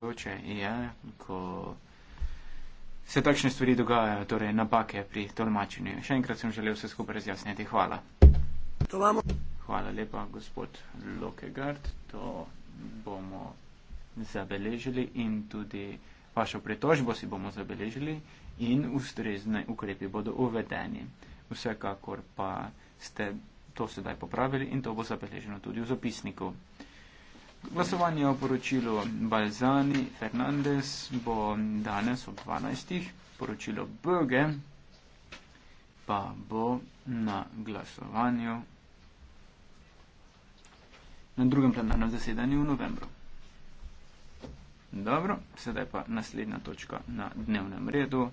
mogoče. Ja, ko se takšne stvari dogajajo, torej napake pri tolmačenju. Še enkrat sem želel vse skupaj razjasniti. Hvala. Hvala lepa, gospod Lokegard. To bomo zabeležili in tudi vašo pretožbo si bomo zabeležili in ustrezne ukrepi bodo uvedeni. Vsekakor pa ste to sedaj popravili in to bo zabeleženo tudi v zapisniku. Glasovanje o poročilu Balzani Fernandez bo danes ob 12. Poročilo Böge pa bo na glasovanju na drugem plenarnem zasedanju v novembru. Dobro, sedaj pa naslednja točka na dnevnem redu.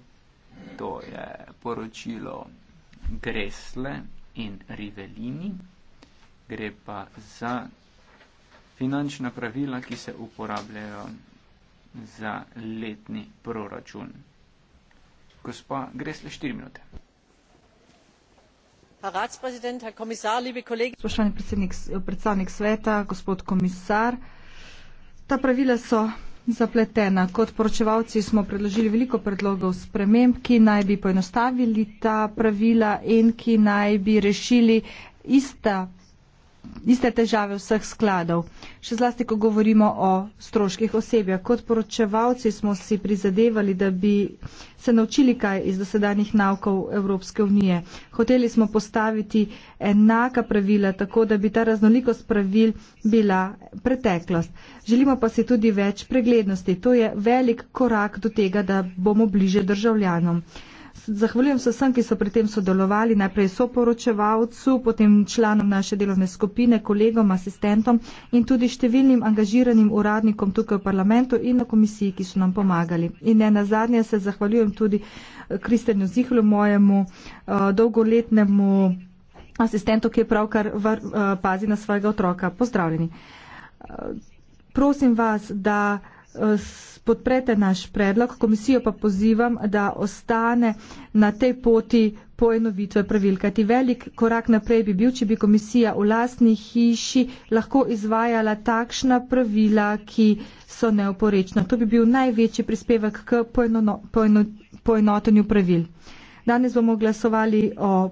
To je poročilo Gresle in Rivelini. Gre pa za finančna pravila, ki se uporabljajo za letni proračun. Gospa, gre le 4 minute. Spoštovani predsednik, predstavnik sveta, gospod komisar, ta pravila so zapletena. Kot poročevalci smo predložili veliko predlogov sprememb, ki naj bi poenostavili ta pravila in ki naj bi rešili ista iste težave vseh skladov. Še zlasti, ko govorimo o stroških osebja. Kot poročevalci smo si prizadevali, da bi se naučili kaj iz dosedanjih naukov Evropske unije. Hoteli smo postaviti enaka pravila, tako da bi ta raznolikost pravil bila preteklost. Želimo pa si tudi več preglednosti. To je velik korak do tega, da bomo bliže državljanom. Zahvaljujem se vsem, ki so pri tem sodelovali, najprej soporočevalcu, potem članom naše delovne skupine, kolegom, asistentom in tudi številnim angažiranim uradnikom tukaj v parlamentu in na komisiji, ki so nam pomagali. In ne nazadnje se zahvaljujem tudi eh, Kristjanu Zihlu, mojemu eh, dolgoletnemu asistentu, ki je pravkar var, eh, pazi na svojega otroka. Pozdravljeni. Prosim vas, da podprete naš predlog, komisijo pa pozivam, da ostane na tej poti poenovitve pravil, kajti velik korak naprej bi bil, če bi komisija v lastni hiši lahko izvajala takšna pravila, ki so neoporečna. To bi bil največji prispevek k poeno, no-, poeno, poenotenju pravil. Danes bomo glasovali o,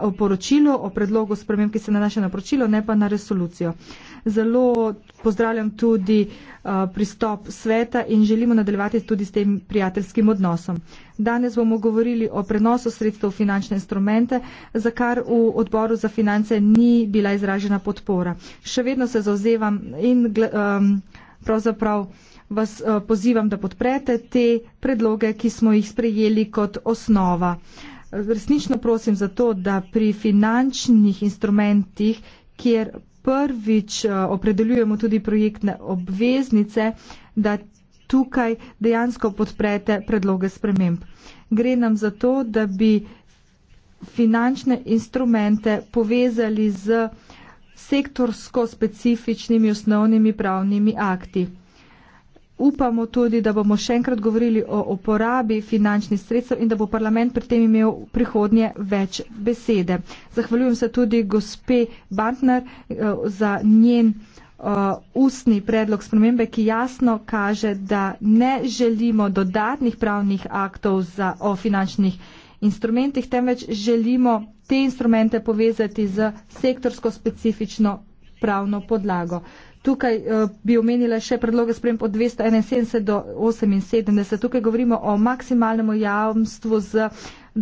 o poročilu, o predlogu sprememb, ki se nanaša na poročilo, ne pa na resolucijo. Zelo pozdravljam tudi uh, pristop sveta in želimo nadaljevati tudi s tem prijateljskim odnosom. Danes bomo govorili o prenosu sredstev v finančne instrumente, za kar v odboru za finance ni bila izražena podpora. Še vedno se zauzevam in. Um, pravzaprav vas eh, pozivam, da podprete te predloge, ki smo jih sprejeli kot osnova. Resnično prosim za to, da pri finančnih instrumentih, kjer prvič eh, opredeljujemo tudi projektne obveznice, da tukaj dejansko podprete predloge sprememb. Gre nam za to, da bi finančne instrumente povezali z uh, sektorsko specifičnimi osnovnimi pravnimi akti. Upamo tudi, da bomo še enkrat govorili o uporabi finančnih sredstev in da bo parlament pri tem imel prihodnje več besede. Zahvaljujem se tudi gospe Bantner eh, za njen eh, ustni predlog spremembe, ki jasno kaže, da ne želimo dodatnih pravnih aktov za, o finančnih instrumentih, temveč želimo te instrumente povezati z sektorsko specifično pravno podlago. Tukaj eh, bi omenila še predloge sprememb od 271 do 78. Tukaj govorimo o maksimalnem javnstvu z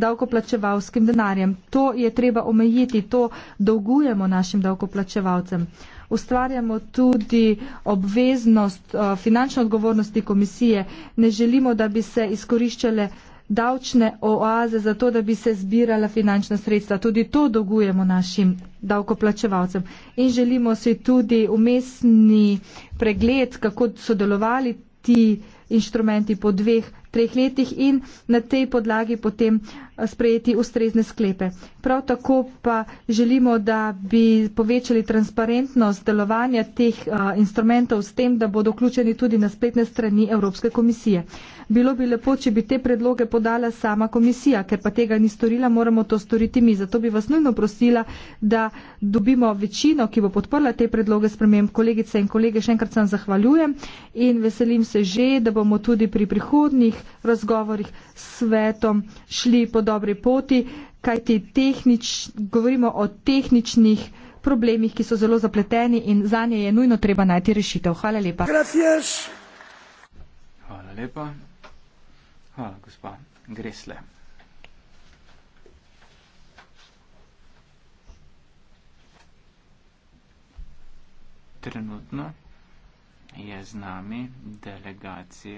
davkoplačevalskim denarjem. To je treba omejiti, to dolgujemo našim davkoplačevalcem. Ustvarjamo tudi obveznost eh, finančne odgovornosti komisije. Ne želimo, da bi se izkoriščale davčne oaze za to, da bi se zbirala finančna sredstva. Tudi to dolgujemo našim davkoplačevalcem. In želimo si tudi umestni pregled, kako sodelovali ti inštrumenti po dveh, treh letih in na tej podlagi potem eh, sprejeti ustrezne sklepe. Prav tako pa želimo, da bi povečali transparentnost delovanja teh uh, instrumentov s tem, da bodo vključeni tudi na spletne strani Evropske komisije. Bilo bi lepo, če bi te predloge podala sama komisija, ker pa tega ni storila, moramo to storiti mi. Zato bi vas nujno prosila, da dobimo večino, ki bo podprla te predloge spremem. Kolegice in kolege, še enkrat sem zahvaljujem in veselim se že, da bo bomo tudi pri prihodnih razgovorjih s svetom šli po dobri poti, kajti tehnič, govorimo o tehničnih problemih, ki so zelo zapleteni in za nje je nujno treba najti rešitev. Hvala lepa. Gracias. Hvala lepa. Hvala, gospa Gresle. Trenutno je z nami delegacija.